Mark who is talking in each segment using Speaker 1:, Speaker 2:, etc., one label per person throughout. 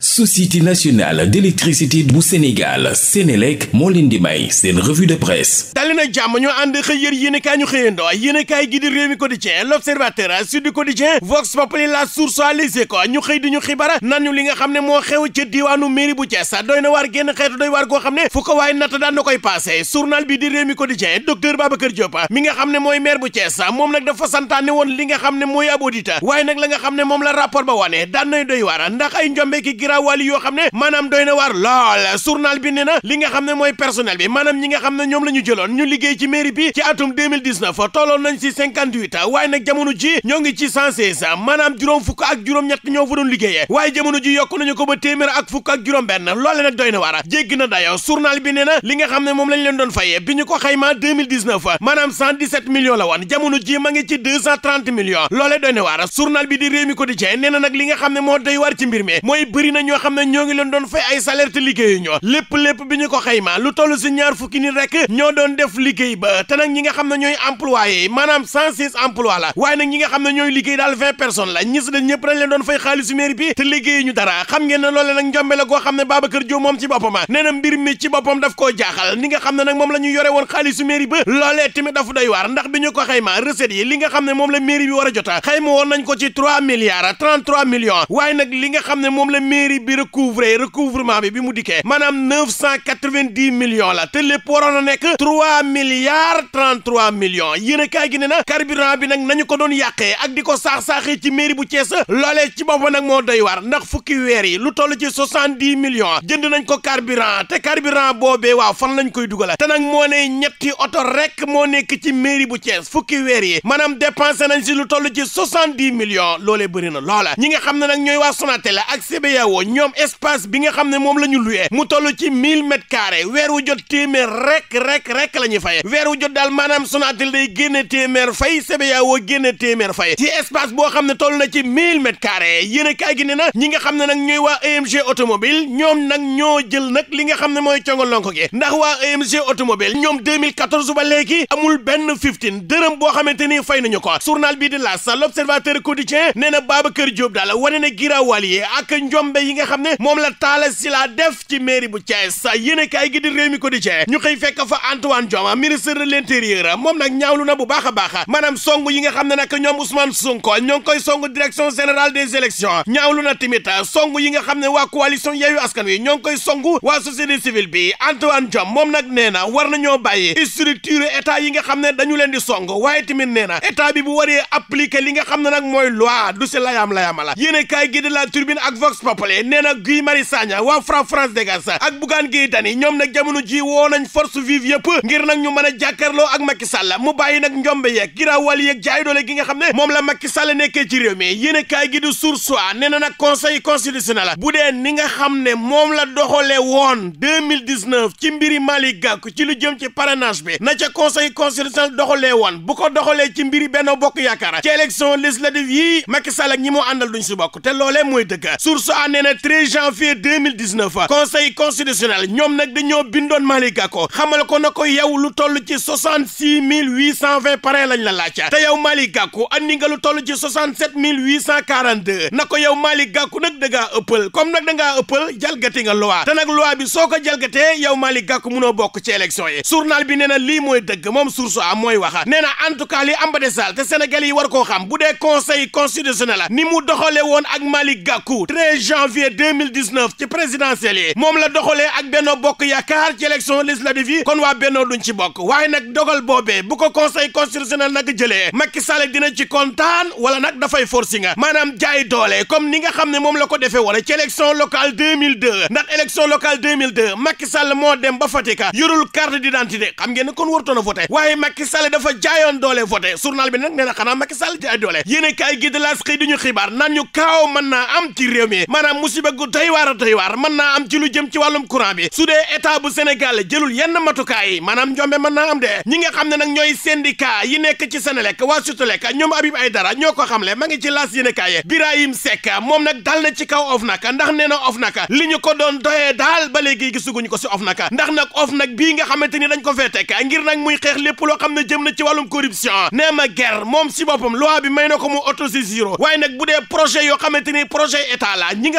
Speaker 1: société nationale d'électricité bu Sénégal Sénélec moo leen di may seen revue de presse dali na jàmm ñu ànd xëy yër yéenekaay ñu xëyandoo yéenekaay gi di Rewmi Quotidien L'Observateur Sud Quotidien Vox Populi La Source a Les Échos ñu xëy di ñu xibaar nan li nga xam ne moo xew ca diwaanu mairie bu Thiès doy na waar génn xam ne fu ko waaye natt daan na mi nga xam ne mooy maire bu Thiès moom nag dafa santaane woon li nga xam ne mooy ab audit waaye nag la nga xam giraawaali yoo xam ne maanaam doy na waar lool journal bi ne li nga xam ne mooy personnel bi maanaam ñi nga xam ne ñoom la ñu jëloon ñu liggéey ci mairie bi ci atum 2019 tolloon nañ si 58 waaye nag jamono ji ñoo ngi ci 116 maanaam juróom fukk ak juróom-ñett ñoo fa doon liggéeyee waaye jamono ji yokk nañu ko ba ak fukk ak juróom benn loole nag doy na waar jégg na dayo journal bi ne li nga xam ne moom lañ leen doon fayee bi ñu ko xayma 2019 maanaam 117 millions na waar journal bi li nga xam ne moo doy waar ci mbir mi na ñoo xam ne ñoo ngi leen doon fay ay salaire te liggéeyu ñoo lépp lépp bi ñu ko xayma lu toll si ñaar fukki nit rek ñoo doon def liggéey ba te nag ñi nga xam ne ñooy employé yi maanaam 106 emploi la waaye nag ñi nga xam ne ñooy liggéey daal 20 personnes la ñi si ñëpp dañ leen doon fay xaalisu mairie bi te liggéeyu dara xam ngeen ne loole nag njombe la xam ne Babacar Diop moom ci boppam ah, nee na ci boppam daf koo jaaxal ni nga xam ne a jota xayma woon mairie bi recouvrer recouvrement bi bi mu dikkee maanaam neuf cent quatre vingt la te lépp waroon a nekk trois milliards trente-trois millions yéen a kaay gi ne na carburant bi nag nañu ko doon yàqee ak di ko saax-saaxee ci mairie bu cees loolee ci boppam nag moo doy waar ndax fukki weer yi lu toll ci soixante-dix millions jënd nañ ko carburant te carburant boobee waa fan lañ koy dugal te nag moo ne ñetti oto rek moo nekk ci mairie bu Thiès fukki weer yi maanaam dépensé nañ si lu toll ci soixante-dix millions loolee bëri na loola ñi nga xam ne nag ñooy waa Sonatel ak yeewoo ñoom espace bi nga xam ne moom la ñu luyee mu toll ci mille mètres carrés weer wu jot téeméer rek rek rek la ñuy fayee weer wu jot daal maanaam Sonatel day génne téeméer fay CBAO génne téeméer fay ci espace boo xam ne toll na ci mille mètres carrés yéen gi ne na ñi nga xam ne nag ñooy waa EMG automobile ñoom nag ñoo jël nag li nga xam ne mooy congolonko gi ndax waa EMG automobile ñoom 2014 ba léegi amul benn 15 dërëm boo xamante ni fay nañu ko surnal bii di L'As l'Observateur quotidien nee na Babacar Diop daal wane na giraawaal ak njombe yi nga xam ne moom la Talla Sylla def ci mairie bu Thiès yéen a kaay gi di ko di cee ñu xëy fekk a fa Antoine Diome ministre de l'intérieur moom nag ñaawlu na bu baax a baax maanaam song yi nga xam ne nag ñoom Ousmane Sonko ñoo ngi koy song direction générale des élections ñaawlu na tamit song yi nga xam ne waa coalition Yewwi Askan Wi ñoo ngi koy song waa société civile bi Antoine Diome moom nag nee na war nañoo bàyyi structure état yi nga xam ne dañu leen di song waaye tamit nee na bi bu waree li nga xam ne nag mooy loi du si layaam layaama la yéen Touré nee na Guy Marius Sagna waa Fra France Dégage ak Bougane Gueye Dany ñoom nag jamono ji woo nañ force vive nag ñu mën a jàkkaarloo ak Macky Sall mu bàyyi nag njombe yeeg giraawal yeeg jaay doole gi nga xam ne moom la Macky Sall nekkee ci réew mi yéen kaay gi du Source A nee na nag conseil bu dee ni nga xam ne moom la doxalee woon 2019 ci mbiri Malick Gakou ci lu jëm ci parrainage bi na ca conseil constitutionnel doxalee woon bu ko doxalee ci mbiri Benno Bokk Yaakaar ci élection législative yi Macky Sall ak ñi moo àndal duñ bokk te loolee mooy A nee na ne 13 janvier 2019 conseil constitutionnel ñoom nag dañoo bindoon Malick Gakou xamal ko na ko yow lu toll ci 66 820 parrain lañ la laaj te yow Malick Gakou andi nga lu toll ci 67 842 na ko yow Malick Gakou nag da ngaa ëppal comme nag da ngaa ëppal jalgati nga loi te nag loi bi soo ko jalgatee yow Malick Gakou munoo bokk ci élection yi journal bi nee na lii mooy dëgg moom source am mooy wax nee na en tout cas li ba desal te Sénégal yi war koo xam bu dee conseil constitutionnel ni mu doxalee woon ak Malick Gakou janvier 2019 ci présidentielle yi moom la doxalee ak Benno Bokk Yaakaar ci élection législative yi kon waa Benno duñ ci bokk waaye nag dogal boobee bu ko conseil nag jëlee Macky Sall dina ci kontaan wala nag dafay forcing maanaam jaay doole comme ni nga xam ne moom la ko defee wala ci élection locale 2002 ndax élection locale 2002 Macky Sall moo dem ba Fatick yorul carte d'identité xam ngeen ne kon warutoon a voté waaye Macky dafa jaayoon doole voté journal bi na maanaam musiba gu doy waar a naa am ci jëm ci wàllum courant bi su dee bu Sénégal jëlul yenn matukaay yi maanaam njombe mën naa am de ñi nga xam ne nag ñooy syndicat yi nekk ci Senelec waa Sutelec ñoom Habib Aïdara ñoo ko xamle ma ngi ci laas yéenekaay Birahim Seck moom nag dal na ci kaw OFNAC ndax nee na OFNAC nag bii nga xamante ni dañ ko fee teg ngir nag muy xeex lépp loo xam ne jëm na ci wàllum corruption nee ma guerre moom si boppam loi ko mu autosaisir waaye nag bu dee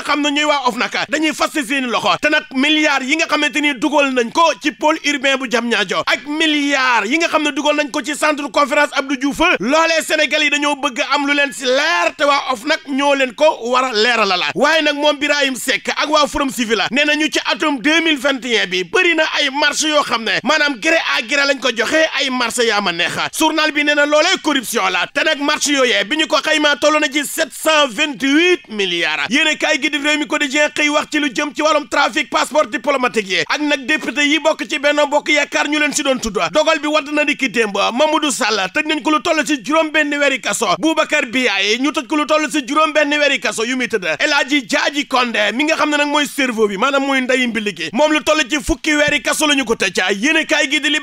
Speaker 1: xam ne ñuy waa OFNAC dañuy fas seeni loxo te nag milliards yi nga xamante ni dugal nañ ko ci pool urbain bu Diamniadio ak milliards yi nga xam ne dugal nañ ko ci centre conférence Abdou Diouf loolee Sénégal yi dañoo bëgg am lu leen si leer te waa OFNAC ñoo leen ko war a leerala la waaye nag moom Birahim Seck ak waa Forum Civil nee na ñu ci atum 2021 bi bëri na ay marché yoo xam ne manaam gré à gré lañ ko joxe ay marché yaa ma neexa journal bi nee na loolee corruption la te nag marché yooyee ñu ko xaymaa toll na ci 728 milliards yéen a collectif Rewmi Quotidien xëy wax ci lu jëm ci wàllum trafic passeport diplomatique yi ak nag député yi bokk ci Benno Bokk Yaakaar ñu leen si doon tudd bi wadd na dikki démb Mamadou Sall tëj nañ ko lu toll si juróom benn weeri kaso Boubacar Biaye ñu tëj ko lu toll si juróom benn weeri kaso yu muy tëdd El Hadji Diadji Condé mi nga xam ne nag mooy cerveau bi maanaam mooy ndayi mbili gi moom lu toll ci fukki weeri kaso la ñu ko tëj yéene kaay gi di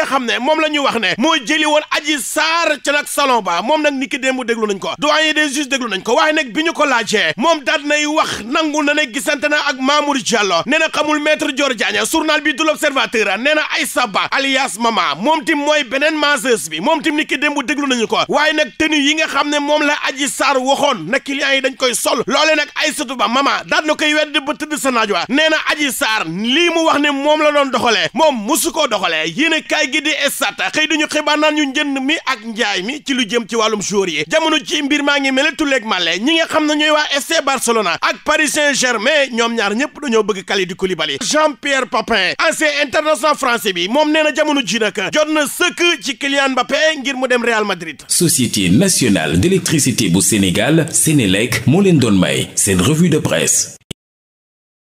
Speaker 1: xam ne moom la ñu wax ne moo jëli woon Adji Sarr jaar ca nag salon ba moom nag ni ki démb déglu nañ ko doyen des juges déglu nañ ko waaye nag bi ñu ko laajee moom daat nay wax nangu na ne gisante na ak Mamour Diallo nee na xamul maître Dior Diagne journal bi du l'Observateur nee na Aïssa Ba alias Mama moom tim mooy beneen masseuse bi moom tim ni ki démb déglu nañu ko waaye nag tenue yi nga xam ne moom la Adji Sarr waxoon na clients yi dañ koy sol loolee nag Aïssatou Ba Mama daat na koy wedd wa nee na la doon doxalee moom musu koo doxalee a kaay di estat njaay mi ci lu jëm ci wàllum jour yi jamono ji mbir maa ngi mele tulleeg màlle ñi nga xam na ñooy waa FC Barcelona ak Paris Saint-Germain ñoom ñaar ñëpp dañoo bëgg Kalidou Koulibaly Jean-Pierre Papin ancien international français bi moom nee na jamono ji nag jot na sëkk ci Kylian Mbappé ngir mu dem Real Madrid Société nationale d'électricité bu Sénégal Sénélec moo leen doon may seen revue de presse